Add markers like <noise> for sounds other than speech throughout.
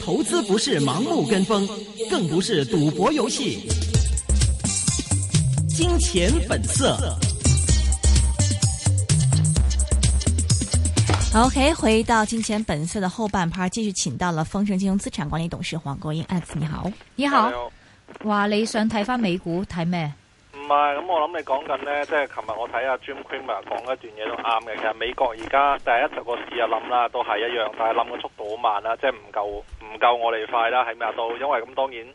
投資不是盲目跟風，更不是賭博遊戲。金錢本色。OK，回到金錢本色的後半 part，繼續請到了豐盛金融資產管理董事黃國英。哎，你好，你好。哇，你想睇翻美股睇咩？唔係，咁、嗯、我諗你講緊呢，即係琴日我睇阿 Jim Cramer 講一段嘢都啱嘅。其實美國而家第一集個市啊冧啦，都係一樣，但係冧嘅速度好慢啦，即係唔夠唔夠我哋快啦，係咪啊？到因為咁當然，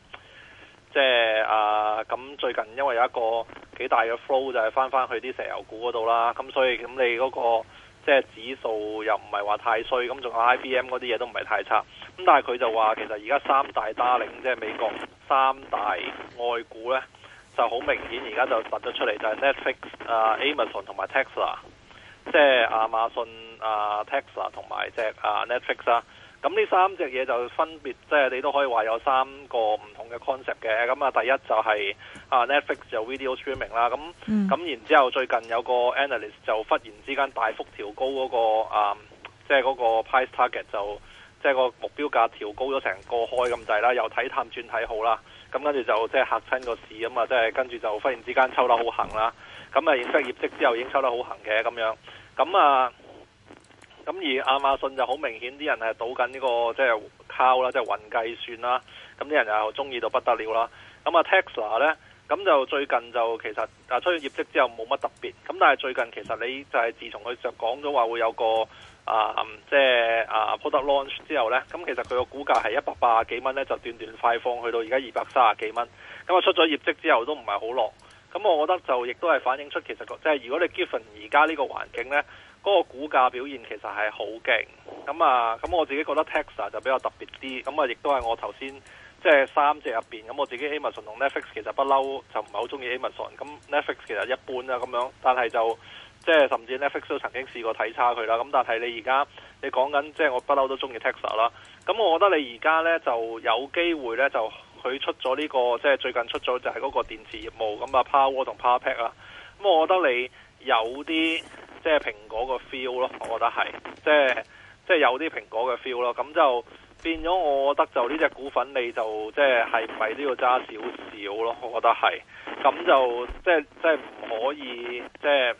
即係咁最近因為有一個幾大嘅 flow 就係翻翻去啲石油股嗰度啦。咁所以咁你嗰、嗰個即係、就是、指數又唔係話太衰，咁仲有 IBM 嗰啲嘢都唔係太差。咁但係佢就話其實而家三大 darling 即係美國三大外股呢。就好明顯現在出出 flix,、uh, la, azon, uh,，而家就發咗出嚟，就係 Netflix 啊、Amazon 同埋 Tesla，即係亞馬遜啊、Tesla 同埋只啊 Netflix 啦。咁呢三隻嘢就分別，即、就、係、是、你都可以話有三個唔同嘅 concept 嘅。咁啊，第一就係、是、啊、uh, Netflix 就 video streaming 啦。咁咁、嗯、然之後，最近有個 analyst 就忽然之間大幅調高嗰、那個啊，即係嗰個 price target，就即係、就是、個目標價調高咗成個開咁滯啦，由睇淡轉睇好啦。咁跟住就即係吓親個市啊嘛，即係跟住就忽然之間抽得好行啦。咁啊，完出業績之後已經抽得好行嘅咁樣。咁啊，咁而亞馬遜就好明顯，啲人係賭緊呢個即係溝啦，即係雲計算啦。咁啲人又中意到不得了啦。咁啊，Tesla 呢。咁就最近就其實啊出咗業績之後冇乜特別，咁但係最近其實你就係自從佢就講咗話會有個啊即係、呃、啊 product launch 之後呢，咁其實佢個股價係一百八幾蚊呢，就短短快放去到而家二百三十幾蚊，咁啊出咗業績之後都唔係好落，咁我覺得就亦都係反映出其實即係如果你 given 而家呢個環境呢，嗰、那個股價表現其實係好勁，咁啊咁我自己覺得 Tesla 就比較特別啲，咁啊亦都係我頭先。即係三隻入面，咁我自己 Amazon 同 Netflix 其實不嬲就唔係好中意 Amazon，咁 Netflix 其實一般啦咁樣，但係就即係甚至 Netflix 都曾經試過睇差佢啦。咁但係你而家你講緊即係我不嬲都中意 Tesla 啦。咁我覺得你而家呢就有機會呢，就佢出咗呢個即係最近出咗就係嗰個電池業務咁啊 Powerwall 同 Power Pack 啊。咁我覺得你有啲即係蘋果個 feel 咯，我覺得係即係即係有啲蘋果嘅 feel 咯，咁就。變咗，我覺得就呢隻股份，你就即係係咪都要揸少少咯？我覺得係，咁就即係即係唔可以，即係，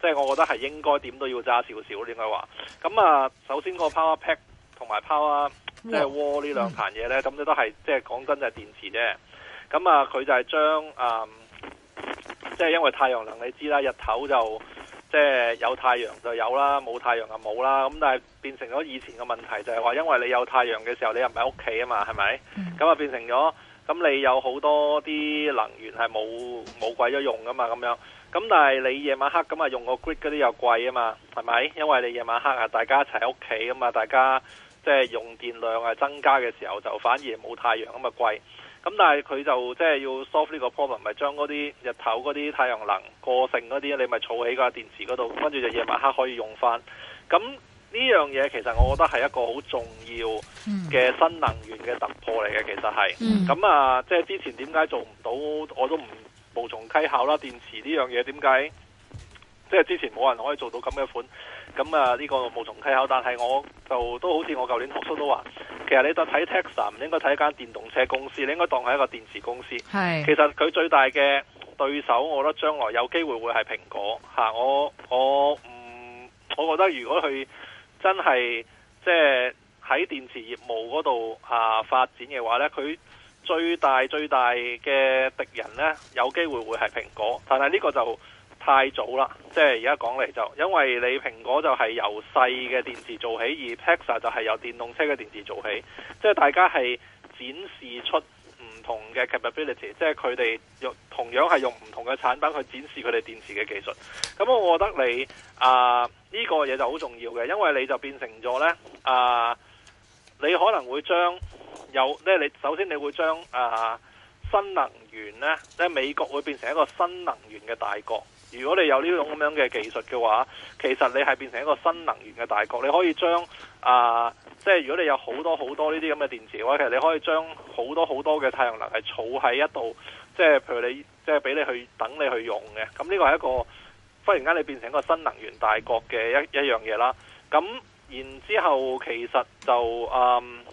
即係我覺得係應該點都要揸少少，應該話。咁啊，首先個 Power Pack 同埋 Power 即係 Wall 呢兩盤嘢呢，咁你都係即係講真就係電池啫。咁啊，佢就係將誒，即係因為太陽能，你知啦，日頭就。即係有太陽就有啦，冇太陽就冇啦。咁但係變成咗以前嘅問題，就係話因為你有太陽嘅時候，你又唔喺屋企啊嘛，係咪？咁啊變成咗咁，你有好多啲能源係冇冇鬼咗用噶嘛，咁樣咁，但係你夜晚黑咁啊用個 grid 嗰啲又貴啊嘛，係咪？因為你夜晚黑啊，大家一齊喺屋企啊嘛，大家即係用電量係增加嘅時候，就反而冇太陽咁啊貴。咁但係佢就即係要 solve 呢個 problem，咪將嗰啲日頭嗰啲太陽能過剩嗰啲，你咪儲起個電池嗰度，跟住就夜晚黑可以用翻。咁呢樣嘢其實我覺得係一個好重要嘅新能源嘅突破嚟嘅，其實係。咁、嗯、啊，即係之前點解做唔到，我都唔無從稽考啦。電池呢樣嘢點解？即係之前冇人可以做到咁嘅款，咁啊呢個無從稽考。但係我就都好似我舊年學叔都話，其實你當睇 Tesla 唔應該睇間電動車公司，你應該當係一個電池公司。係是，其實佢最大嘅對手，我覺得將來有機會會係蘋果吓。我我唔，我覺得如果佢真係即係喺電池業務嗰度吓發展嘅話呢，佢最大最大嘅敵人呢，有機會會係蘋果。但係呢個就。太早啦，即係而家講嚟就，因為你蘋果就係由細嘅電池做起，而 Tesla 就係由電動車嘅電池做起，即係大家係展示出唔同嘅 capability，即係佢哋用同樣係用唔同嘅產品去展示佢哋電池嘅技術。咁我覺得你啊呢、呢個嘢就好重要嘅，因為你就變成咗呢，啊，你可能會將有咧，你首先你會將啊新能源呢，即係美國會變成一個新能源嘅大國。如果你有呢種咁樣嘅技術嘅話，其實你係變成一個新能源嘅大國。你可以將啊、呃，即係如果你有好多好多呢啲咁嘅電池嘅話，其實你可以將好多好多嘅太陽能係儲喺一度，即係譬如你即係俾你去等你去用嘅。咁呢個係一個忽然間你變成一個新能源大國嘅一一樣嘢啦。咁然之後其實就嗯，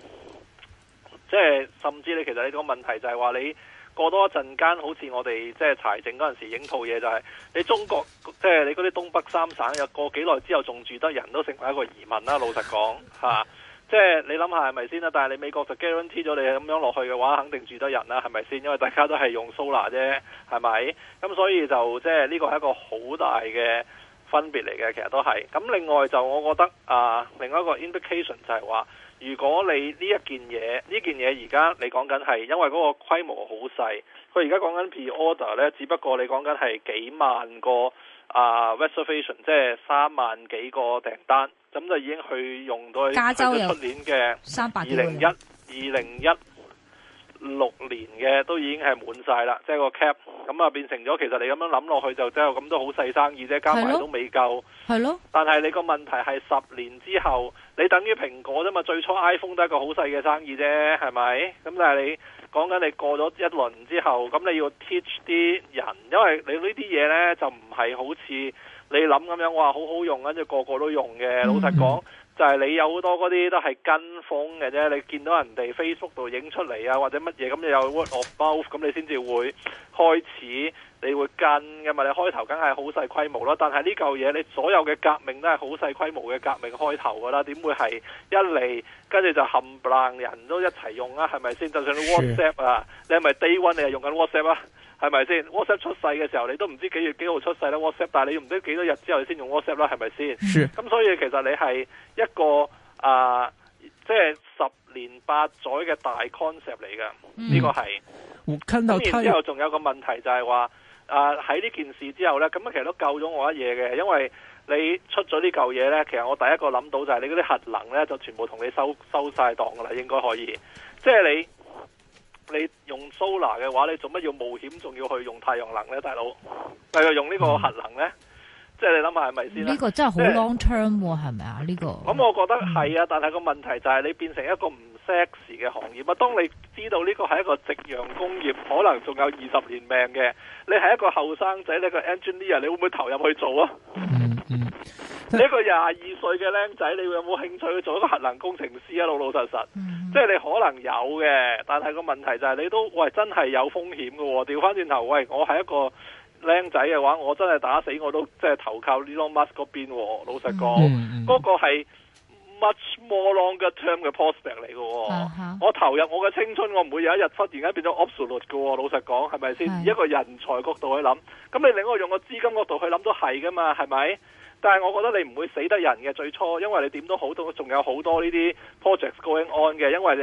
即係甚至你其實你個問題就係話你。過多一陣間，好似我哋即係柴靜嗰陣時影套嘢、就是，就係你中國即係、就是、你嗰啲東北三省，又過幾耐之後，仲住得人都成為一個移民啦。老實講，即、啊、係、就是、你諗下係咪先啦？但係你美國就 guarantee 咗你咁樣落去嘅話，肯定住得人啦，係咪先？因為大家都係用 solar 啫，係咪？咁所以就即係呢個係一個好大嘅分別嚟嘅，其實都係。咁另外就我覺得啊，另一個 indication 就係話。如果你呢一件嘢，呢件嘢而家你講緊係因為嗰個規模好細，佢而家講緊 pre order 咧，只不過你講緊係幾萬個啊、uh, reservation，即係三萬幾個訂單，咁就已經去用到去加州嘅出年嘅三百二零一二零一。六年嘅都已經係滿晒啦，即係個 cap，咁啊變成咗其實你咁樣諗落去就即係咁都好細生意啫，加埋都未夠。係咯，但係你個問題係十年之後，你等於蘋果啫嘛，最初 iPhone 都係一個好細嘅生意啫，係咪？咁但係你。講緊你過咗一輪之後，咁你要 teach 啲人，因為你呢啲嘢呢就唔係好似你諗咁樣，話好好用，跟住個個都用嘅。嗯嗯，老實講，就係、是、你有好多嗰啲都係跟風嘅啫，你見到人哋 Facebook 度影出嚟啊，或者乜嘢咁，有 word of mouth 咁你先至會開始。你會跟嘅嘛？你開頭梗係好細規模囉。但係呢嚿嘢你所有嘅革命都係好細規模嘅革命開頭噶啦，點會係一嚟跟住就冚唪唥人都一齊用啦、啊？係咪先？就算 WhatsApp 啊，是你係咪 day one 你係用緊 WhatsApp 啊？係咪先？WhatsApp 出世嘅時候你都唔知幾月幾號出世啦、啊。WhatsApp，但係你用唔知幾多日之後先用 WhatsApp 啦、啊，係咪先？咁是所以其實你係一個啊、呃，即係十年八載嘅大 concept 嚟嘅，呢、嗯、個係。到然之後仲有個問題就係話。啊！喺呢件事之後呢，咁樣其實都救咗我一嘢嘅，因為你出咗呢嚿嘢呢，其實我第一個諗到就係你嗰啲核能呢，就全部同你收收晒檔噶啦，應該可以。即係你你用 solar 嘅話，你做乜要冒險，仲要去用太陽能呢？大佬？為咗用呢個核能呢？嗯、即係你諗下係咪先呢？呢個真係好 long term 喎，係咪啊？呢個咁我覺得係啊，嗯、但係個問題就係你變成一個唔 Sexy 嘅行業啊！當你知道呢個係一個夕陽工業，可能仲有二十年命嘅，你係一個後生仔，你個 engineer，你會唔會投入去做啊？嗯嗯、你一個廿二歲嘅僆仔，你會有冇興趣去做一個核能工程師啊？老老實實，嗯、即係你可能有嘅，但係個問題就係你都喂真係有風險嘅、哦。調翻轉頭，喂，我係一個僆仔嘅話，我真係打死我都即係投靠 Elon Musk 嗰邊。老實講，嗰、嗯嗯、個係。much more longer term 嘅 prospect 嚟嘅，huh. 我投入我嘅青春，我唔會有一日忽然間變咗 obsolete 嘅、哦。老實講，係咪先？是以一個人才角度去諗，咁你另外用個資金角度去諗都係噶嘛，係咪？但係我覺得你唔會死得人嘅，最初，因為你點都好都仲有好多呢啲 projects going on 嘅，因為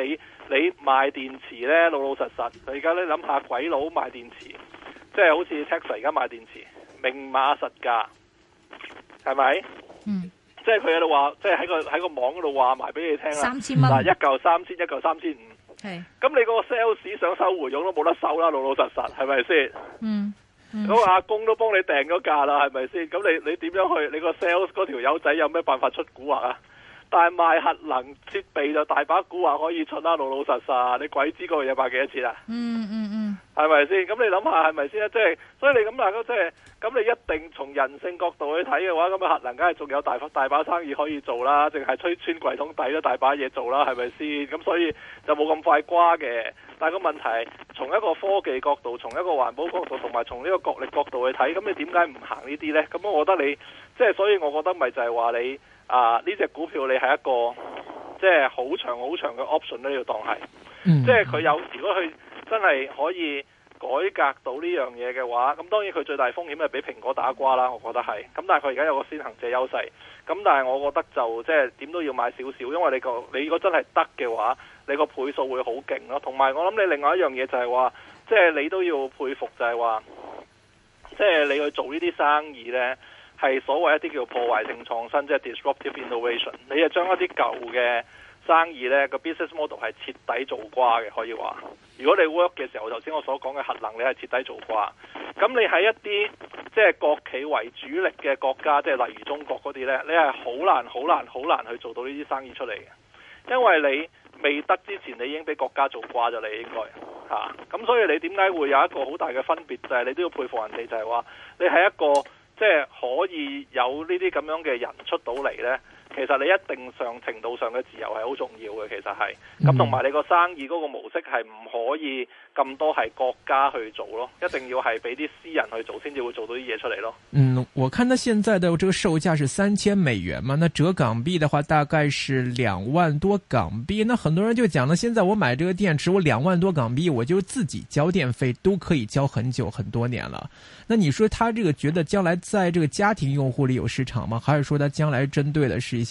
你你賣電池呢，老老實實，而家你諗下鬼佬賣電池，即係好似 Tesla 而家賣電池，明碼實價，係咪？嗯。即係佢喺度話，即係喺個喺個網嗰度話埋俾你聽啦。三千蚊，嗱、啊、一嚿三千，一嚿三千五。係是。咁你個 sales 想收回佣都冇得收啦，老老實實係咪先？嗯。咁阿公都幫你訂咗價啦，係咪先？咁你你點樣去？你個 sales 嗰條友仔有咩辦法出蠱惑啊？但係賣核能設備就大把股話可以出啦，老老實實你鬼知道個嘢賣幾多錢啊？嗯嗯嗯，係咪先？咁你諗下係咪先？即係所以你咁嗱，即係咁你一定從人性角度去睇嘅話，咁、那、啊、個、核能梗係仲有大把大把生意可以做啦，淨係吹穿櫃桶底都大把嘢做啦，係咪先？咁所以就冇咁快瓜嘅。但係個問題，從一個科技角度，從一個環保角度，同埋從呢個國力角度去睇，咁你點解唔行呢啲呢？咁我覺得你即係、就是，所以我覺得咪就係話你。啊！呢隻股票你係一個即係好長好長嘅 option 都要當係，嗯、即係佢有。如果佢真係可以改革到呢樣嘢嘅話，咁當然佢最大風險係俾蘋果打瓜啦。我覺得係。咁但係佢而家有個先行者優勢。咁但係我覺得就即係點都要買少少，因為你個你如果真係得嘅話，你個倍數會好勁咯。同埋我諗你另外一樣嘢就係話，即係你都要佩服就係話，即係你去做呢啲生意呢。係所謂一啲叫破壞性創新，即係 disruptive innovation。你係將一啲舊嘅生意呢個 business model 係徹底做瓜嘅，可以話。如果你 work 嘅時候，頭先我所講嘅核能，你係徹底做瓜。咁你喺一啲即係國企為主力嘅國家，即係例如中國嗰啲呢，你係好難、好難、好難去做到呢啲生意出嚟嘅，因為你未得之前，你已經俾國家做瓜咗你應該，應該嚇。咁所以你點解會有一個好大嘅分別？就係你都要佩服人哋，就係話你係一個。即係可以有呢啲咁樣嘅人出到嚟咧。其實你一定上程度上嘅自由係好重要嘅，其實係咁同埋你個生意嗰個模式係唔可以咁多係國家去做咯，一定要係俾啲私人去做先至會做到啲嘢出嚟咯。嗯，我看他現在嘅這個售價是三千美元嘛，那折港幣的話大概是兩萬多港幣。那很多人就講了，現在我買這個電池，我兩萬多港幣，我就自己交電費都可以交很久很多年了。那你說他這個覺得將來在這個家庭用戶裏有市場嗎？還是說他將來針對的是一？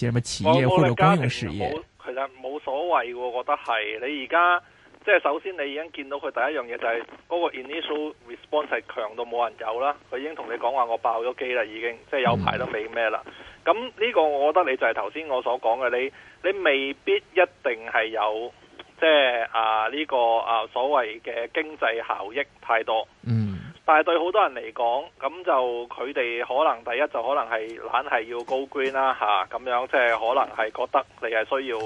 我冇力加，冇其實冇所謂嘅，我覺得係你而家即係首先你已經見到佢第一樣嘢就係、是、嗰、那個 initial response 係強到冇人有啦，佢已經同你講話我爆咗機啦，已經即係有排都未咩啦。咁呢、嗯、個我覺得你就係頭先我所講嘅，你你未必一定係有即係啊呢、這個啊所謂嘅經濟效益太多。嗯。但係對好多人嚟講，咁就佢哋可能第一就可能係懶係要 go green 啦，吓咁樣即係、就是、可能係覺得你係需要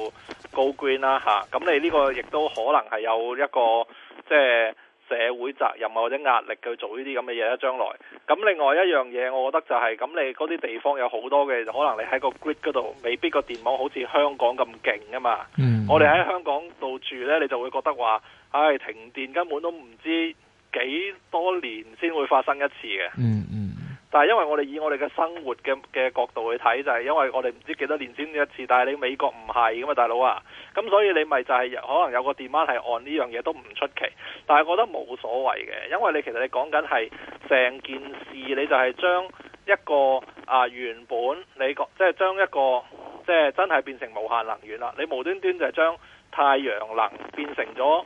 go green 啦，吓、啊、咁你呢個亦都可能係有一個即係、就是、社會責任或者壓力去做呢啲咁嘅嘢啦。將來咁另外一樣嘢，我覺得就係、是、咁你嗰啲地方有好多嘅，可能你喺個 grid 嗰度未必個電網好似香港咁勁啊嘛。嗯、mm，hmm. 我哋喺香港度住呢，你就會覺得話，唉、哎，停電根本都唔知。幾多年先會發生一次嘅、嗯？嗯嗯。但係因為我哋以我哋嘅生活嘅嘅角度去睇，就係、是、因為我哋唔知幾多年先一次。但係你美國唔係㗎嘛，大佬啊。咁所以你咪就係、是、可能有個電話係按呢樣嘢都唔出奇。但係我覺得冇所謂嘅，因為你其實你講緊係成件事，你就係將一個啊原本你個即係將一個即係、就是、真係變成無限能源啦。你無端端就係將太陽能變成咗，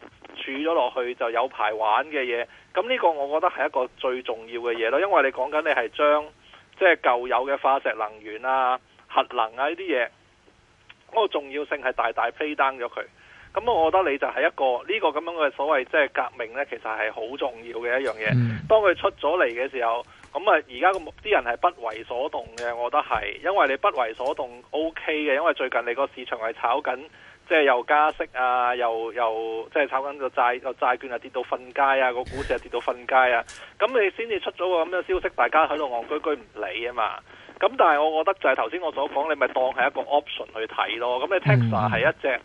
煮咗落去就有排玩嘅嘢，咁呢個我覺得係一個最重要嘅嘢咯，因為你講緊你係將即係舊有嘅化石能源啊、核能啊呢啲嘢，嗰個重要性係大大 fade down 咗佢。咁我覺得你就係一個呢個咁樣嘅所謂即係革命咧，其實係好重要嘅一樣嘢。當佢出咗嚟嘅時候，咁啊而家啲人係不為所動嘅，我覺得係因為你不為所動 OK 嘅，因為最近你個市場係炒緊。即係又加息啊，又又即係炒緊個債，個債，債券啊跌到瞓街啊，個股市啊跌到瞓街啊，咁你先至出咗個咁嘅消息，大家喺度戇居居唔理啊嘛。咁但係我覺得就係頭先我所講，你咪當係一個 option 去睇咯。咁你 Tesla 係一隻、嗯、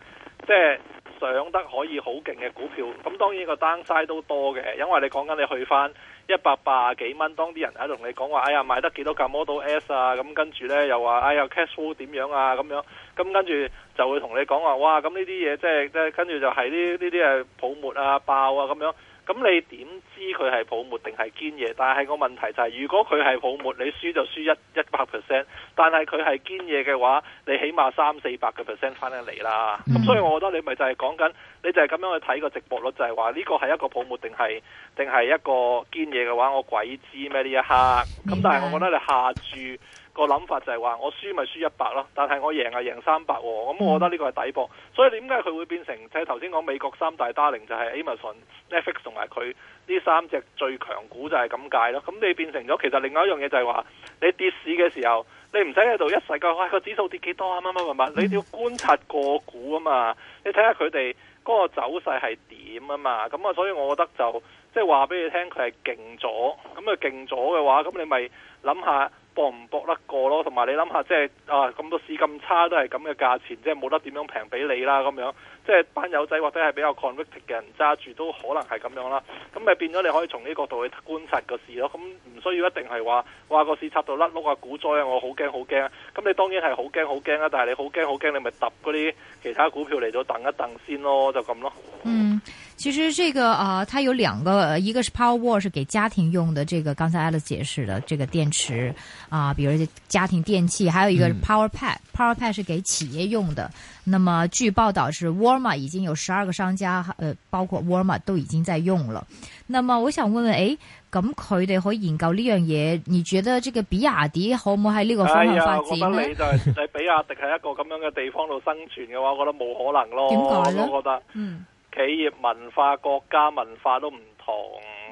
即係上得可以好勁嘅股票。咁當然個 downside 都多嘅，因為你講緊你去返一百八幾蚊，當啲人喺度同你講話，哎呀買得幾多架 Model S 啊，咁跟住呢，又話，哎呀 cash flow 點樣啊咁樣。咁跟住就會同你講話，哇！咁呢啲嘢即係即係跟住就係呢呢啲係泡沫啊、爆啊咁樣。咁你點知佢係泡沫定係堅嘢？但係個問題就係、是，如果佢係泡沫，你輸就輸一一百 percent。但係佢係堅嘢嘅話，你起碼三四百個 percent 翻得嚟啦。咁所以我覺得你咪就係講緊。你就係咁樣去睇個直播咯，就係話呢個係一個泡沫定係定係一個堅嘢嘅話，我鬼知咩呢一刻？咁但係我覺得你下注個諗法就係話，我輸咪輸一百咯，但係我贏啊贏三百喎。咁我覺得呢個係抵博。所以點解佢會變成即係頭先講美國三大 darling 就係 Amazon、Netflix 同埋佢呢三隻最強股就係咁解咯。咁、嗯、你變成咗其實另外一樣嘢就係話，你跌市嘅時候，你唔使喺度一世界個、哎、指數跌幾多啊？乜乜乜乜，你要觀察個股啊嘛，你睇下佢哋。嗰個走勢係點啊嘛？咁啊，所以我覺得就即係話畀你聽，佢係勁咗。咁啊，勁咗嘅話，咁你咪諗下搏唔搏得過咯？同埋你諗下，即係啊咁多市咁差都係咁嘅價錢，即係冇得點樣平畀你啦咁樣。即係班友仔或者係比較 convictive 嘅人揸住都可能係咁樣啦，咁咪變咗你可以從呢個角度去觀察個市咯。咁唔需要一定係話話個市插到甩碌啊，股災啊，我好驚好驚啊。咁你當然係好驚好驚啊，但係你好驚好驚，你咪揼嗰啲其他股票嚟到等一等先咯，就咁咯。嗯。其實這個啊、呃，它有兩個，一個是 PowerWall 是給家庭用的，這個剛才 Alice 解釋的這個電池啊、呃，比如家庭電器，還有一個 PowerPad，PowerPad、嗯、是給企業用的。那麼據報道是 Walmart 已經有十二個商家，呃，包括 Walmart 都已經在用了。那麼我想問問，哎咁佢哋可以研究呢樣嘢？你覺得這個比亞迪可唔可以喺呢個方向發展咧？你就係比亞迪喺一個咁樣嘅地方度生存嘅話，我覺得冇 <laughs> 可能咯。點解呢？我覺得嗯。企業文化、國家文化都唔同，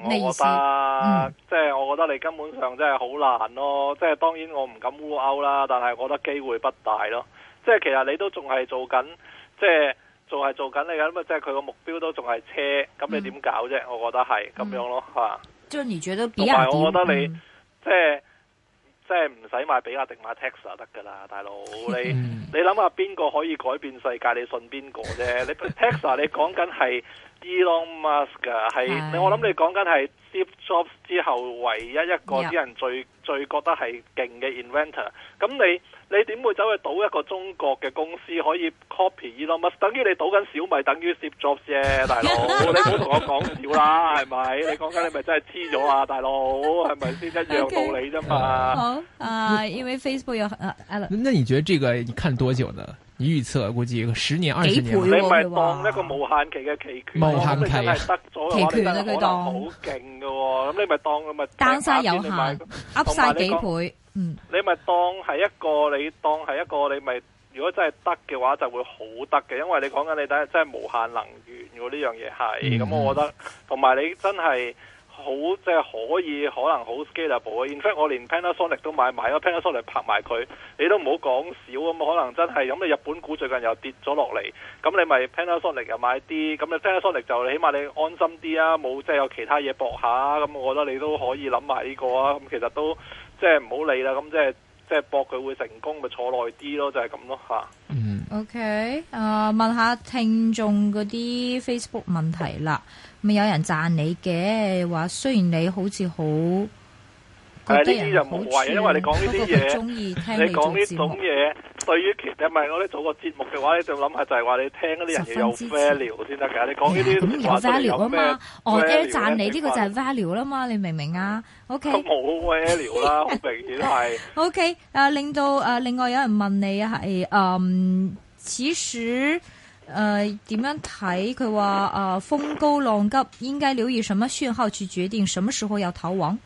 我覺得即係、嗯、我覺得你根本上真係好難咯。即、就、係、是、當然我唔敢烏鷗啦，但係我覺得機會不大咯。即、就、係、是、其實你都仲係做緊，即係仲係做緊你噶，咁啊即係佢個目標都仲係車，咁、嗯、你點搞啫？我覺得係咁樣咯，吓、嗯。啊、就你覺得比亞迪？同埋我覺得你即係。嗯即係唔使買比亞迪買 Tesla 得㗎啦，大佬你你諗下邊個可以改變世界，你信邊個啫？ <laughs> 你 Tesla 你講緊係。Elon Musk 係，是我諗你講緊係 Steve Jobs 之後唯一一個啲人最 Yeah. 最覺得係勁嘅 inventor。咁你你點會走去賭一個中國嘅公司可以 copy Elon Musk？等於你賭緊小米，等於 Steve Jobs 啫，大佬。 <laughs> 你唔好同我講笑啦，係咪？ <laughs> 你講緊你咪真係黐咗啊，大佬，係咪先一樣道理啫嘛？好，啊，因為 Facebook 有啊。Alan、uh, 你覺得呢個你看多久呢？預測估計十年二十年，你咪當一個無限期嘅期權，無限期、啊、你真係得咗，當好勁咁你咪當佢咪擔晒有限，晒幾倍，嗯，你咪當係一個，你當係一個，你咪如果真係得嘅話，就會好得嘅，因為你講緊你睇真係無限能源，果呢樣嘢係，咁、嗯、我覺得同埋你真係。好即係，可以，可能好 scalable 啊 In fact，我連 Panasonic 都買，買埋咯 Panasonic 拍埋佢，你都唔好講少咁。可能真係咁、嗯，你日本股最近又跌咗落嚟，咁你咪 Panasonic 又買啲，咁你 Panasonic 就起碼你安心啲啊，冇即係有其他嘢搏下咁、嗯、我覺得你都可以諗埋呢個啊。咁、嗯、其實都即係唔好理啦，咁、嗯、即係即係搏佢會成功咪坐耐啲咯，就係、是、咁咯、啊 O.K.，呃，問下聽眾嗰啲 Facebook 問題啦。咪有人讚你嘅話，雖然你好似好。但呢啲就唔好為,話因為，因為你講呢啲嘢，你講呢種嘢，對於其實唔係我哋做個節目嘅話，就諗下就係話你聽嗰啲人要有 value 先得噶。你講呢啲有 value，啊嘛？v a l u 我哋讚你呢、這個就係 value 啦嘛，你明唔明啊？OK，都冇 value 啦，好明顯係。OK，誒、 <laughs> okay, 啊，令到誒、啊，另外有人問你係，嗯、啊，此時誒點樣睇？佢話誒，風、啊、高浪急，應該留意什麼訊號去決定什麼時候要逃亡？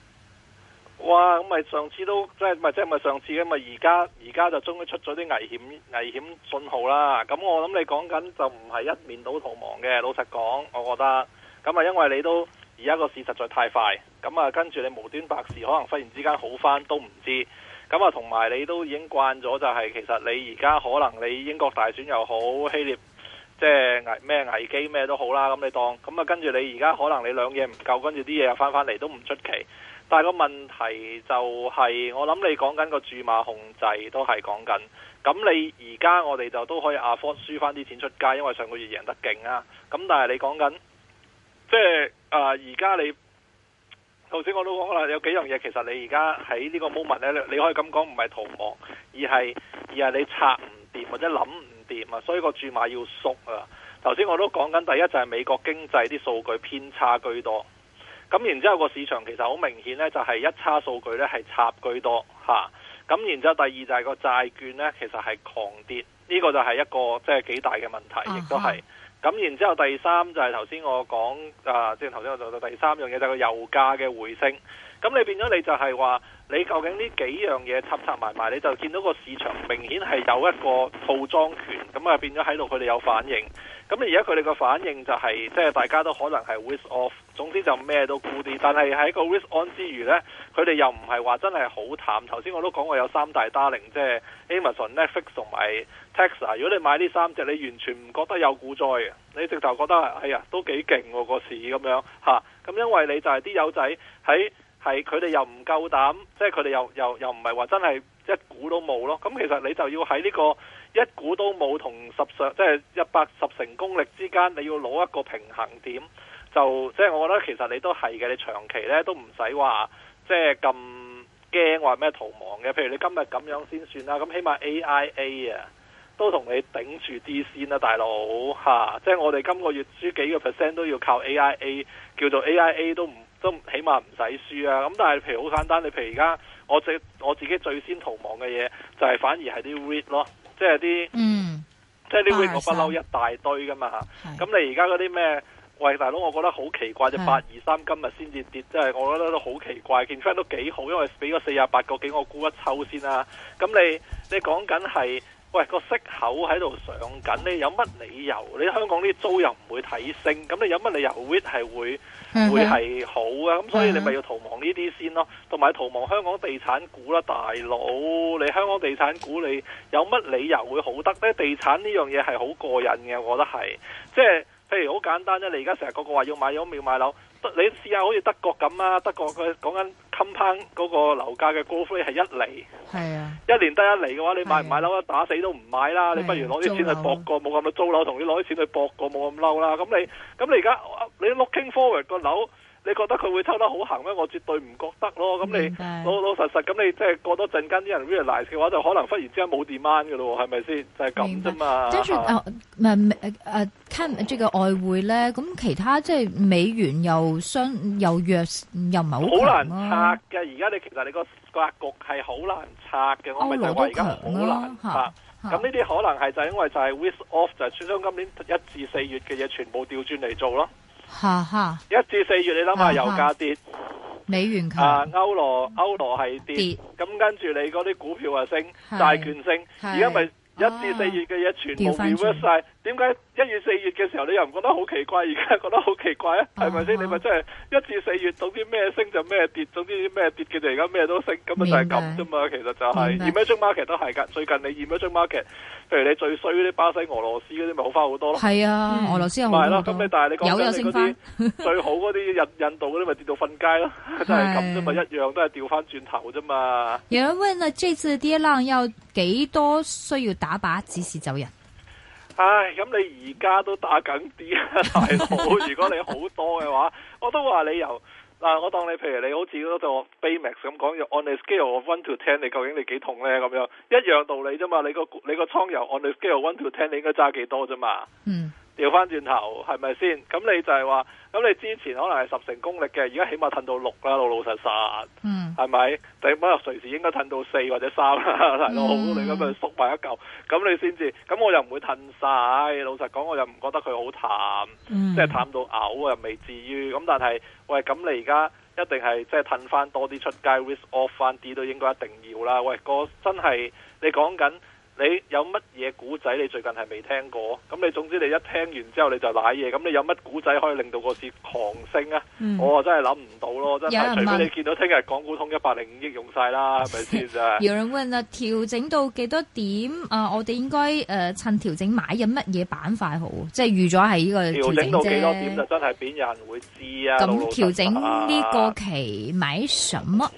哇！咁咪上次都即係咪即係咪上次咁咪而家而家就終於出咗啲危險危險信號啦！咁我諗你講緊就唔係一面倒逃亡嘅，老實講，我覺得咁啊，因為你都而家個事實在太快，咁啊跟住你無端白事可能忽然之間好翻都唔知，咁啊同埋你都已經慣咗就係其實你而家可能你英國大選又好，希臘即係危咩危機咩都好啦，咁你當咁啊跟住你而家可能你兩嘢唔夠，跟住啲嘢又翻返嚟都唔出奇。但係個問題就係、是，我諗你講緊個注碼控制都係講緊。咁你而家我哋就都可以 afford 輸翻啲錢出街，因為上個月贏得勁啊。咁但係你講緊，即係啊，而家你頭先我都講啦，有幾樣嘢其實你而家喺呢個 moment 呢你可以咁講，唔係逃亡，而係而係你拆唔掂或者諗唔掂啊。所以個注碼要縮啊。頭先我都講緊，第一就係美國經濟啲數據偏差居多。咁然之後個市場其實好明顯咧，就係一差數據咧係插居多嚇。咁然之後第二就係個債券咧，其實係狂跌，呢、這個就係一個即係幾大嘅問題，亦都係。咁、huh. 然之後第三就係頭先我講啊，即係頭先我做到第三樣嘢，就係個油價嘅回升。咁你變咗你就係話，你究竟呢幾樣嘢插插埋埋，你就見到個市場明顯係有一個套裝權，咁啊變咗喺度佢哋有反應。咁而家佢哋個反應就係、是，即係大家都可能係 risk off，總之就咩都沽啲。但係喺個 risk on 之餘呢，佢哋又唔係話真係好淡。頭先我都講過有三大 darling，即係 Amazon、Netflix 同埋 Tesla。如果你買呢三隻，你完全唔覺得有股災嘅，你直頭覺得，哎呀都幾勁個市咁樣嚇。咁、啊、因為你就係啲友仔喺，係佢哋又唔夠膽，即係佢哋又又又唔係話真係一股都冇咯。咁其實你就要喺呢個一股都冇同十成，即係一百十成功力之間，你要攞一個平衡點。就即係我覺得其實你都係嘅，你長期呢都唔使話即係咁驚話咩逃亡嘅。譬如你今日咁樣先算啦，咁起碼 AIA 啊都同你頂住啲先啦、啊，大佬嚇。即係我哋今個月輸幾個 percent 都要靠 AIA，叫做 AIA 都唔。都起碼唔使輸啊！咁但係譬如好簡單，你譬如而家我自我自己最先逃亡嘅嘢就係、是、反而係啲 red 咯，即係啲，嗯、即係啲 red 我不嬲一大堆噶嘛咁、嗯、你而家嗰啲咩？喂，大佬，我覺得好奇怪，就八二三今日先至跌，即、就、係、是、我覺得都好奇怪，見 friend 都幾好，因為俾個四廿八個幾我估一抽先啦、啊。咁你你講緊係？喂，個息口喺度上緊，你有乜理由？你香港啲租又唔會提升，咁你有乜理由會係的會會係好啊？咁所以你咪要逃亡呢啲先咯，同埋逃亡香港地產股啦，大佬！你香港地產股你有乜理由會好得咧？地產呢樣嘢係好過癮嘅，我覺得係，即係譬如好簡單啫，你而家成日個個話要買屋未買樓。你試下好似德國咁啊，德國佢講緊 c o m p n 嗰個樓價嘅高飛係一釐，係啊，一年得一釐嘅話，你買唔買樓啊？打死都唔買啦，你不如攞啲錢去博個冇咁嘅租樓，同你攞啲錢去博個冇咁嬲啦，咁你咁你而家你 looking forward 個樓。你覺得佢會抽得好行咩？我絕對唔覺得咯。咁白你老老實實咁，你即係過多陣間啲人 realize 嘅話，就可能忽然之間冇 demand 咯，係咪先？就係咁啫嘛。跟住、就是、啊，唔係美誒即係個外匯咧。咁其他即係美元又相又弱，又唔係好。好難拆嘅，而家你其實你個格局係好難拆嘅。我咪就話而家好難吓。咁呢啲可能係就係因為就係 risk off，就今年一至四月嘅嘢，全部調轉嚟做咯。吓吓， <music> 一至四月你諗下，油價跌，美元 <music> 啊，歐羅歐羅係跌，咁 <music> 跟住你嗰啲股票啊升， <music> 債券升，而家咪一至四月嘅嘢全部扭轉晒。 <music> 點解一月四月嘅時候你又唔覺得好奇怪，而家覺得好奇怪啊？係咪先？Uh huh. 你咪真係一至四月總之咩升就咩跌，總之咩跌嘅，就而家咩都升，咁啊就係咁啫嘛。其實就係 emerging market 都係噶。最近你 emerging market，譬如你最衰啲巴西、俄羅斯嗰啲咪好翻好多咯。係啊，嗯、俄羅斯又好。係咯，咁你但係你講有有嗰啲最好嗰啲印印度嗰啲咪跌到瞓街咯，真係咁啫，嘛。 <laughs> 一樣都係掉翻轉頭啫嘛。有人問啦，這次跌浪有幾多需要打靶指示走人。唉，咁你而家都打緊啲啊，大佬！如果你好多嘅話， <laughs> 我都話你由嗱，我當你譬如你好似嗰度 Baymax 咁講，又 on a scale of one to ten，你究竟你幾痛呢？咁樣一樣道理啫嘛，你個你個倉由 on a scale of one to ten，你應該揸幾多啫嘛？嗯。掉翻轉頭係咪先？咁你就係話，咁你之前可能係十成功力嘅，而家起碼褪到六啦，老老實實，係咪？第五日隨時應該褪到四或者三，大佬，好，你咁樣縮埋一嚿，咁你先至。咁我又唔會褪晒。老實講，我又唔覺得佢好淡，mm. 即係淡到嘔啊，又未至於。咁但係，喂，咁你而家一定係即係褪翻多啲出街 risk、mm. off 翻啲都應該一定要啦。喂，個真係你講緊。你有乜嘢古仔？你最近係未聽過？咁你總之你一聽完之後你就瀨嘢。咁你有乜古仔可以令到個市狂升啊？我真係諗唔到咯！真係除非你見到聽日港股通一百零五億用曬啦，係咪先啊？有人問啊，調整到幾多點啊？我哋應該誒趁調整買緊乜嘢板塊好？即係預咗係呢個調整啫。調整到幾多點就真係邊有人會知啊？咁調整呢個期買什麼？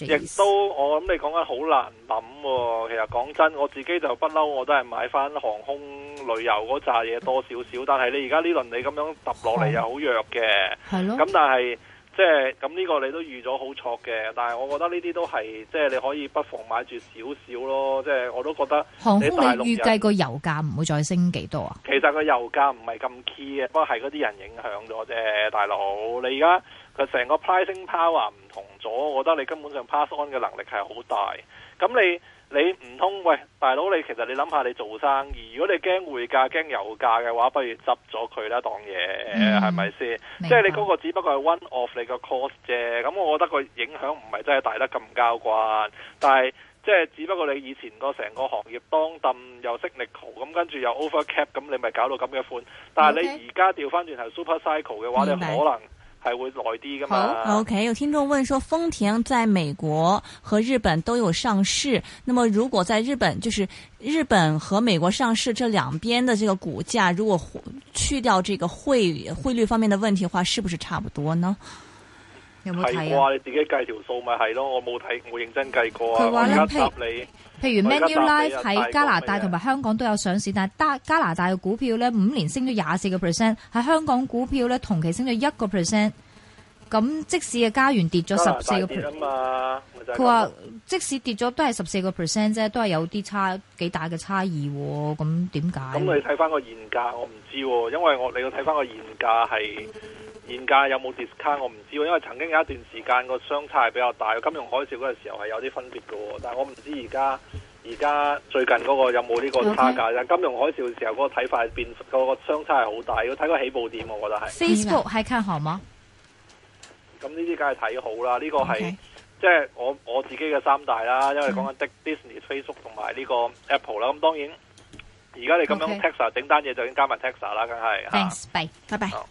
亦都，我諗你講緊好難諗，哦。其實講真，我自己就不嬲，我都係買翻航空旅遊嗰扎嘢多少少。但係你而家呢輪你咁樣揼落嚟又好弱嘅，咁、嗯、但係即係咁呢個你都預咗好挫嘅。但係我覺得呢啲都係即係你可以不妨買住少少咯。即、就、係、是、我都覺得大陸航空你預計個油價唔會再升幾多啊？其實個油價唔係咁 key 嘅，不過係嗰啲人影響咗啫，大佬。你而家。佢成個 pricing power 唔同咗，我覺得你根本上 pass on 嘅能力係好大。咁你你唔通喂大佬？你其實你諗下，你做生意，如果你驚匯價、驚油價嘅話，不如執咗佢啦，當嘢係咪先？吧白即係你嗰個只不過係 one off 你個 cost 啫。咁我覺得佢影響唔係真係大得咁交關。但係即係只不過你以前個成個行業當凳又 cyclical 咁跟住又 overcap，咁你咪搞到咁嘅款。但係你而家調翻轉頭 super cycle 嘅話，白你可能。係會耐啲噶嘛？好，OK。有聽眾問說，豐田在美國和日本都有上市，那麼如果在日本，就是日本和美國上市這兩邊的這個股價，如果去掉這個匯匯率方面的問題的話，是不是差不多呢？有冇睇過？佢話你自己計條數咪係咯，我冇睇，冇認真計過。佢話咧，譬如譬如 Manulife 喺加拿大同埋香，香港都有上市，但係加拿大嘅股票咧五年升咗廿四個 percent，喺香港股票咧同期升咗一個 percent。咁即使嘅加元跌咗十四個 percent 啊嘛，佢話即使跌咗都係十四個 percent 啫，都係有啲差幾大嘅差異喎。咁點解？咁你睇翻個現價，我唔知喎，因為我你要睇翻個現價係。現價有冇 discount？我唔知喎，因為曾經有一段時間，個相差係比較大，金融海嘯嗰陣時候係有啲分別嘅喎，但係我唔知而家而家最近嗰個有冇呢個差價。Okay. 但金融海嘯嘅時候嗰個睇法係變，嗰個相差係好大。如果睇個起步點，我覺得係。Facebook 係看好嗎？咁呢啲梗係睇好啦，呢個係即係我我自己嘅三大啦。因為講緊 Disney Facebook 同埋呢個 Apple 啦。咁當然而家你咁樣 Tesla 整 Okay. 單嘢，就已經加埋 Tesla 啦。梗係。拜拜。Bye. 啊